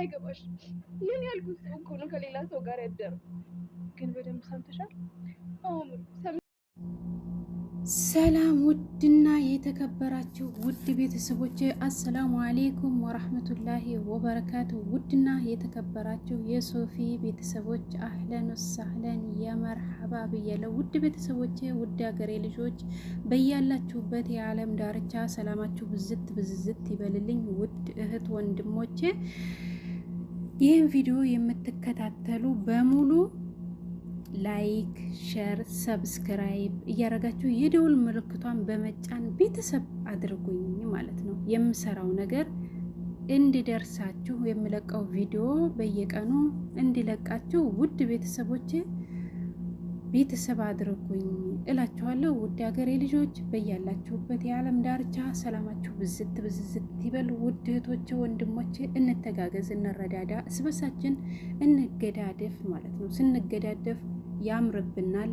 አይገባሽ ምን ያልኩት እኮ ነው። ከሌላ ሰው ጋር ያደረው ግን በደንብ ሰምተሻል። አሁን ሰላም ውድና የተከበራችሁ ውድ ቤተሰቦች አሰላሙ አሌይኩም ወራህመቱላሂ ወበረካቱ። ውድና የተከበራችሁ የሶፊ ቤተሰቦች አህለን ወሳህለን የመርሐባ ብያለሁ። ውድ ቤተሰቦች፣ ውድ ሀገሬ ልጆች በያላችሁበት የዓለም ዳርቻ ሰላማችሁ ብዝት ብዝዝት ይበልልኝ። ውድ እህት ወንድሞቼ ይህን ቪዲዮ የምትከታተሉ በሙሉ ላይክ፣ ሸር፣ ሰብስክራይብ እያደረጋችሁ የደውል ምልክቷን በመጫን ቤተሰብ አድርጉኝ ማለት ነው። የምሰራው ነገር እንዲደርሳችሁ የምለቀው ቪዲዮ በየቀኑ እንዲለቃችሁ ውድ ቤተሰቦቼ ቤተሰብ አድርጉኝ እላችኋለሁ። ውድ ሀገሬ ልጆች በያላችሁበት የዓለም ዳርቻ ሰላማችሁ ብዝት ብዝዝት ይበል። ውድ እህቶች ወንድሞች፣ እንተጋገዝ፣ እንረዳዳ፣ እስበሳችን እንገዳደፍ ማለት ነው ስንገዳደፍ ያምርብናል፣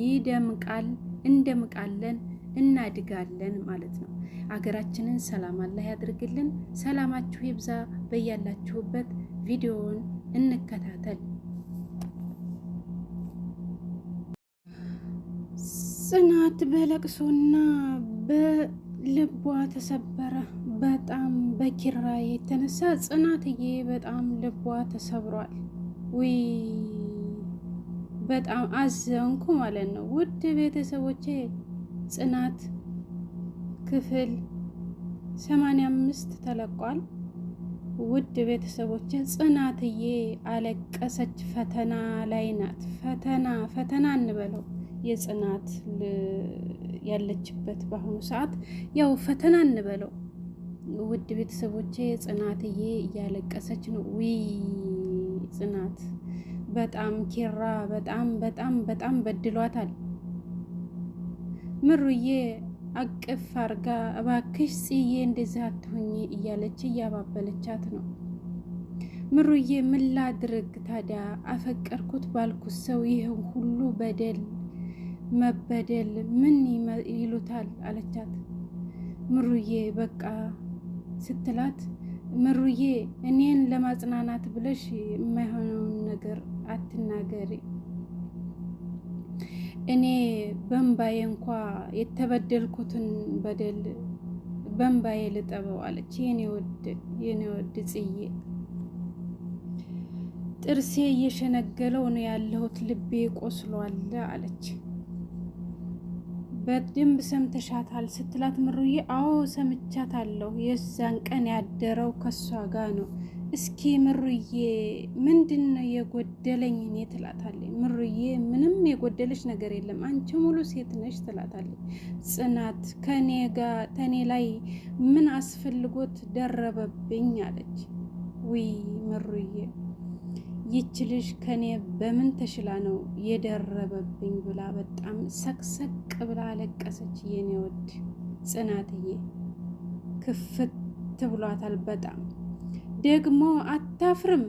ይደምቃል፣ እንደምቃለን፣ እናድጋለን ማለት ነው። አገራችንን ሰላም አላህ ያድርግልን። ሰላማችሁ ይብዛ በያላችሁበት። ቪዲዮውን እንከታተል። ጽናት በለቅሶና በልቧ ተሰበረ። በጣም በኪራ የተነሳ ጽናትዬ በጣም ልቧ ተሰብሯል። ውይ በጣም አዘንኩ ማለት ነው። ውድ ቤተሰቦቼ ጽናት ክፍል 85 ተለቋል። ውድ ቤተሰቦቼ ጽናትዬ አለቀሰች። ፈተና ላይ ናት። ፈተና ፈተና እንበለው የጽናት ያለችበት በአሁኑ ሰዓት ያው ፈተና እንበለው። ውድ ቤተሰቦቼ ጽናትዬ እያለቀሰች ነው። ውይ ጽናት በጣም ኪራ በጣም በጣም በጣም በድሏታል። ምሩዬ አቅፍ አርጋ እባክሽ ጽዬ እንደዚህ አትሆኚ እያለች እያባበለቻት ነው። ምሩዬ ምን ላድርግ ታዲያ አፈቀርኩት ባልኩት ሰው ይህን ሁሉ በደል መበደል ምን ይሉታል አለቻት። ምሩዬ በቃ ስትላት ምሩዬ እኔን ለማጽናናት ብለሽ የማይሆነውን ነገር አትናገሪ። እኔ በንባዬ እንኳ የተበደልኩትን በደል በእምባዬ ልጠበው አለች። የኔ ወድ የኔ ወድ ጽዬ ጥርሴ እየሸነገለው ነው ያለሁት፣ ልቤ ቆስሏል አለች። በደንብ ሰምተሻታል ስትላት ምሩዬ አዎ ሰምቻታለሁ፣ የዛን ቀን ያደረው ከሷ ጋር ነው እስኪ ምሩዬ ምንድን ነው የጎደለኝ እኔ ትላታለች። ምሩዬ ምንም የጎደለች ነገር የለም አንቺ ሙሉ ሴት ነሽ ትላታለች። ጽናት ከኔ ጋር ተኔ ላይ ምን አስፈልጎት ደረበብኝ አለች። ውይ ምሩዬ ይች ልጅ ከኔ በምን ተሽላ ነው የደረበብኝ ብላ በጣም ሰቅሰቅ ብላ አለቀሰች። የኔ ወድ ጽናትዬ ክፍት ብሏታል በጣም ደግሞ አታፍርም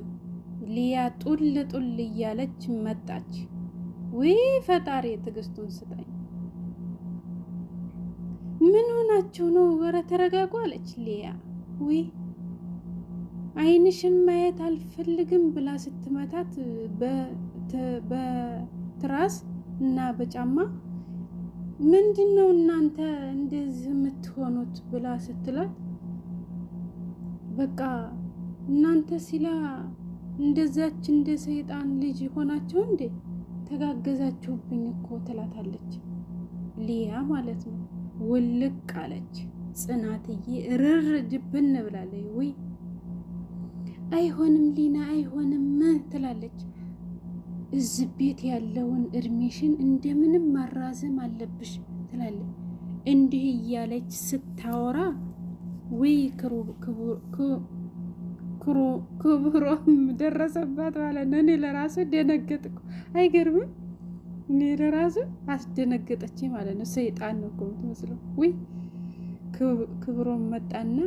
ሊያ ጡል ጡል እያለች መጣች። ውይ ፈጣሪ ትዕግስቱን ስጠኝ። ምን ሆናችሁ ነው? ወረ ተረጋጉ አለች ሊያ። ውይ አይንሽን ማየት አልፈልግም ብላ ስትመታት በትራስ እና በጫማ ምንድን ነው እናንተ እንደዚህ የምትሆኑት ብላ ስትላት በቃ እናንተ ሲላ እንደዛች እንደ ሰይጣን ልጅ ሆናችሁ እንዴ ተጋገዛችሁብኝ እኮ ትላታለች። ሊያ ማለት ነው። ውልቅ አለች ጽናትዬ፣ ርር ድብን ብላለች። ወይ አይሆንም ሊና አይሆንም ትላለች። እዝ ቤት ያለውን እድሜሽን እንደምንም ማራዘም አለብሽ ትላለች። እንዲህ እያለች ስታወራ ውይ ክብሮም ደረሰባት ማለት ነው። እኔ ለራሱ ደነገጥኩ። አይገርምም? እኔ ለራሱ አስደነገጠች ማለት ነው። ሰይጣን ነው እኮ የምትመስለው። ውይ ክብሮም መጣና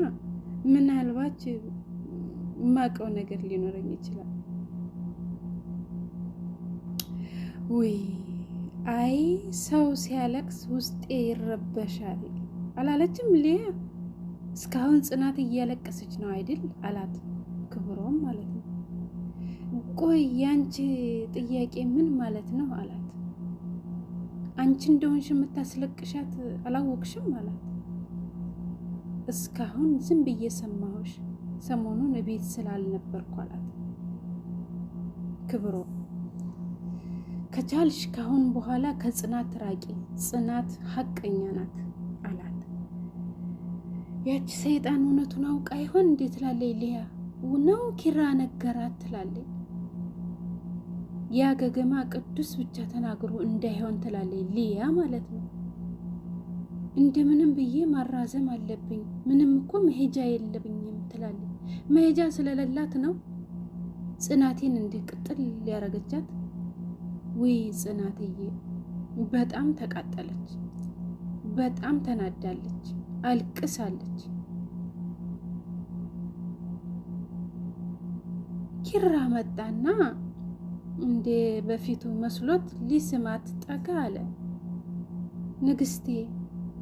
ምናልባች የማውቀው ነገር ሊኖረኝ ይችላል። ውይ አይ ሰው ሲያለቅስ ውስጤ ይረበሻል አላለችም? ሊያ እስካሁን ጽናት እያለቀሰች ነው አይደል አላት። ቆይ ያንቺ ጥያቄ ምን ማለት ነው አላት። አንቺ እንደሆንሽ የምታስለቅሻት አላወቅሽም አላት። እስካሁን ዝም ብዬ ሰማሁሽ፣ ሰሞኑን እቤት ስላልነበርኩ አላት። ክብሮ ከቻልሽ ካሁን በኋላ ከጽናት ራቂ፣ ጽናት ሀቀኛ ናት አላት። ያቺ ሰይጣን እውነቱን አውቃ ይሆን እንዴት ትላለች ሊያ ነው ኪራ ነገራት ትላለች ያ ገገማ ቅዱስ ብቻ ተናግሮ እንዳይሆን ትላለች ሊያ ማለት ነው። እንደምንም ብዬ ማራዘም አለብኝ፣ ምንም እኮ መሄጃ የለብኝም ትላለች። መሄጃ ስለሌላት ነው ጽናቴን እንዲህ ቅጥል ሊያረገቻት። ውይ ጽናትዬ በጣም ተቃጠለች፣ በጣም ተናዳለች፣ አልቅሳለች። ኪራ መጣና እንዴ በፊቱ መስሎት ሊስማት ጠጋ አለ። ንግስቴ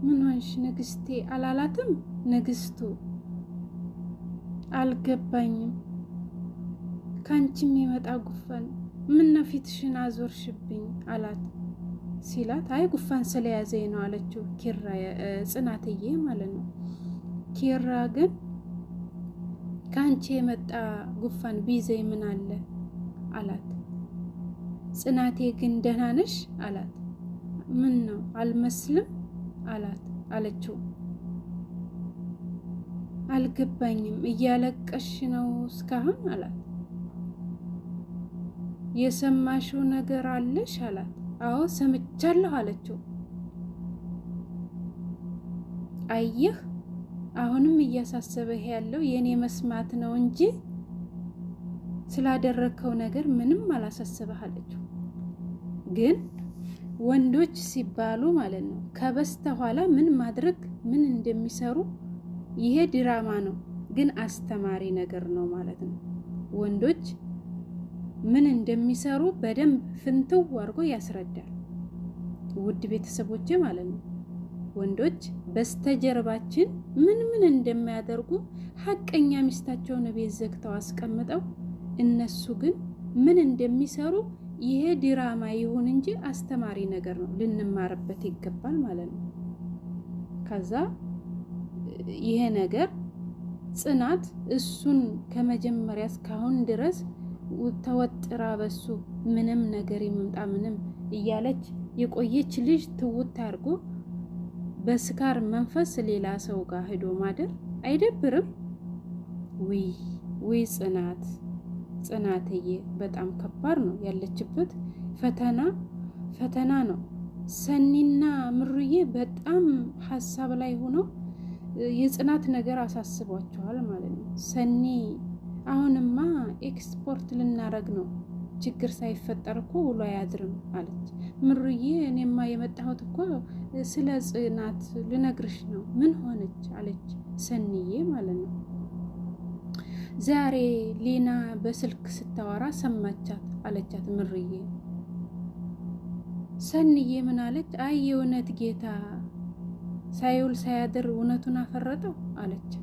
ምን ሆንሽ ንግስቴ አላላትም? ንግስቱ አልገባኝም። ካንቺም የመጣ ጉፋን ምነው ፊትሽን አዞርሽብኝ አላት ሲላት አይ ጉፋን ስለያዘኝ ነው አለችው። ኪራ ጽናትዬ ማለት ነው። ኪራ ግን ከአንቺ የመጣ ጉፋን ቢዘይ ምን አለ አላት። ጽናቴ ግን ደህና ነሽ አላት። ምን ነው አልመስልም አላት አለችው። አልገባኝም እያለቀሽ ነው እስካሁን አላት። የሰማሽው ነገር አለሽ አላት። አዎ ሰምቻለሁ አለችው። አየህ አሁንም እያሳሰበህ ያለው የእኔ መስማት ነው እንጂ ስላደረግከው ነገር ምንም አላሳስበህ አለችው። ግን ወንዶች ሲባሉ ማለት ነው ከበስተኋላ ምን ማድረግ ምን እንደሚሰሩ ይሄ ድራማ ነው፣ ግን አስተማሪ ነገር ነው ማለት ነው። ወንዶች ምን እንደሚሰሩ በደንብ ፍንትው አድርጎ ያስረዳል። ውድ ቤተሰቦች ማለት ነው ወንዶች በስተጀርባችን ምን ምን እንደሚያደርጉ ሀቀኛ ሚስታቸውን ቤት ዘግተው አስቀምጠው እነሱ ግን ምን እንደሚሰሩ ይሄ ድራማ ይሁን እንጂ አስተማሪ ነገር ነው፣ ልንማርበት ይገባል ማለት ነው። ከዛ ይሄ ነገር ጽናት እሱን ከመጀመሪያ እስካሁን ድረስ ተወጥራ በሱ ምንም ነገር የመምጣ ምንም እያለች የቆየች ልጅ ትውት አድርጎ በስካር መንፈስ ሌላ ሰው ጋር ሂዶ ማደር አይደብርም? ውይ ውይ ጽናት ጽናትዬ በጣም ከባድ ነው ያለችበት ፈተና ፈተና ነው። ሰኒና ምሩዬ በጣም ሀሳብ ላይ ሆነው የጽናት ነገር አሳስቧቸዋል ማለት ነው። ሰኒ አሁንማ ኤክስፖርት ልናረግ ነው፣ ችግር ሳይፈጠር እኮ ውሎ አያድርም አለች ምሩዬ። እኔማ የመጣሁት እኮ ስለ ጽናት ልነግርሽ ነው። ምን ሆነች አለች ሰኒዬ ማለት ነው። ዛሬ ሊና በስልክ ስታወራ ሰማቻት አለቻት ምርዬ። ሰንዬ ምን አለች? አይ የእውነት ጌታ ሳይውል ሳያድር እውነቱን አፈረጠው አለች።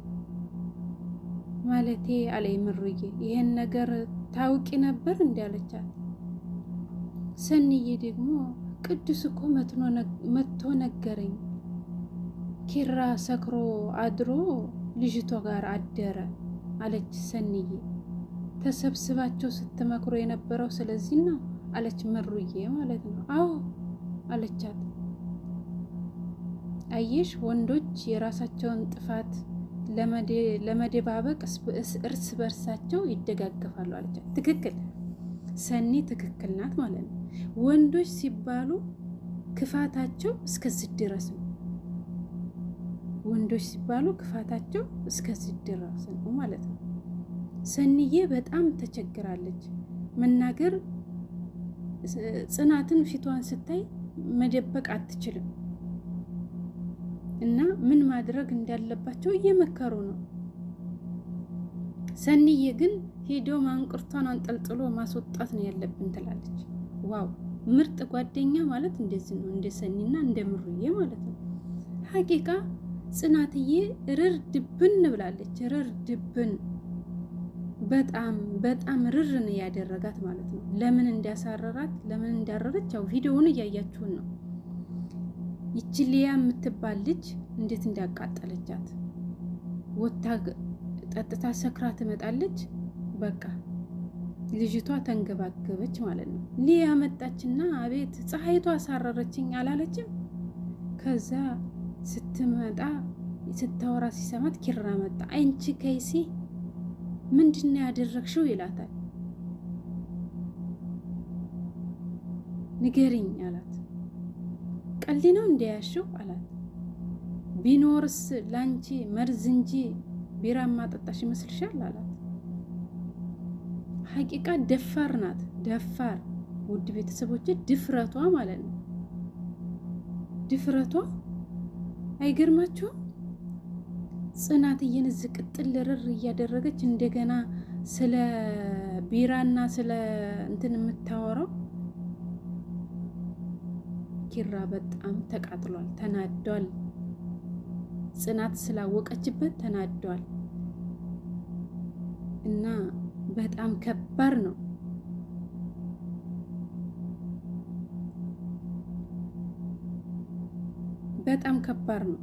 ማለቴ አለይ ምርዬ ይሄን ነገር ታውቂ ነበር እንዲ አለቻት። ሰንዬ ደግሞ ቅዱስ እኮ መጥቶ ነገረኝ። ኪራ ሰክሮ አድሮ ልጅቷ ጋር አደረ አለች ሰንዬ። ተሰብስባቸው ስትመክሮ የነበረው ስለዚህ ነው አለች መሩዬ ማለት ነው። አዎ አለቻት። አየሽ ወንዶች የራሳቸውን ጥፋት ለመደባበቅ እርስ በርሳቸው ይደጋገፋሉ አለቻት። ትክክል ሰኒ ትክክል ናት ማለት ነው። ወንዶች ሲባሉ ክፋታቸው እስከዚህ ድረስ ነው። ወንዶች ሲባሉ ክፋታቸው እስከዚህ ድረስ ነው ማለት ነው። ሰንዬ በጣም ተቸግራለች። መናገር ጽናትን ፊቷን ስታይ መደበቅ አትችልም እና ምን ማድረግ እንዳለባቸው እየመከሩ ነው። ሰንዬ ግን ሄዶ ማንቁርቷን አንጠልጥሎ ማስወጣት ነው ያለብን ትላለች። ዋው ምርጥ ጓደኛ ማለት እንደዚህ ነው፣ እንደ ሰኒና እንደ ምሩዬ ማለት ነው ሀቂቃ ጽናትዬ ርር ድብን ብላለች። ርር ድብን በጣም በጣም ርርን እያደረጋት ያደረጋት ማለት ነው። ለምን እንዳሳረራት ለምን እንዳረረች ያው ቪዲዮውን እያያችሁን ነው። ይቺ ሊያ የምትባል ልጅ እንዴት እንዳቃጠለቻት ወታ ጠጥታ ሰክራ ትመጣለች። በቃ ልጅቷ ተንገባገበች ማለት ነው። ሊያ መጣችና አቤት ፀሐይቷ አሳረረችኝ አላለችም ከዛ ስትመጣ ስታወራ ሲሰማት ኪራ መጣ። አንቺ ከይሲ ምንድነው ያደረግሽው ይላታል። ንገሪኝ አላት። ቀልድ ነው እንደያሽው አላት። ቢኖርስ ላንቺ መርዝ እንጂ ቢራ ማጠጣሽ ይመስልሻል አላት። ሀቂቃ ደፋር ናት። ደፋር ውድ ቤተሰቦች ድፍረቷ ማለት ነው ድፍረቷ አይገርማችሁም? ጽናትዬን እዚህ ቅጥል ርር እያደረገች እንደገና ስለ ቢራና ስለ እንትን የምታወራው ኪራ በጣም ተቃጥሏል፣ ተናዷል። ጽናት ስላወቀችበት ተናዷል እና በጣም ከባድ ነው። በጣም ከባድ ነው።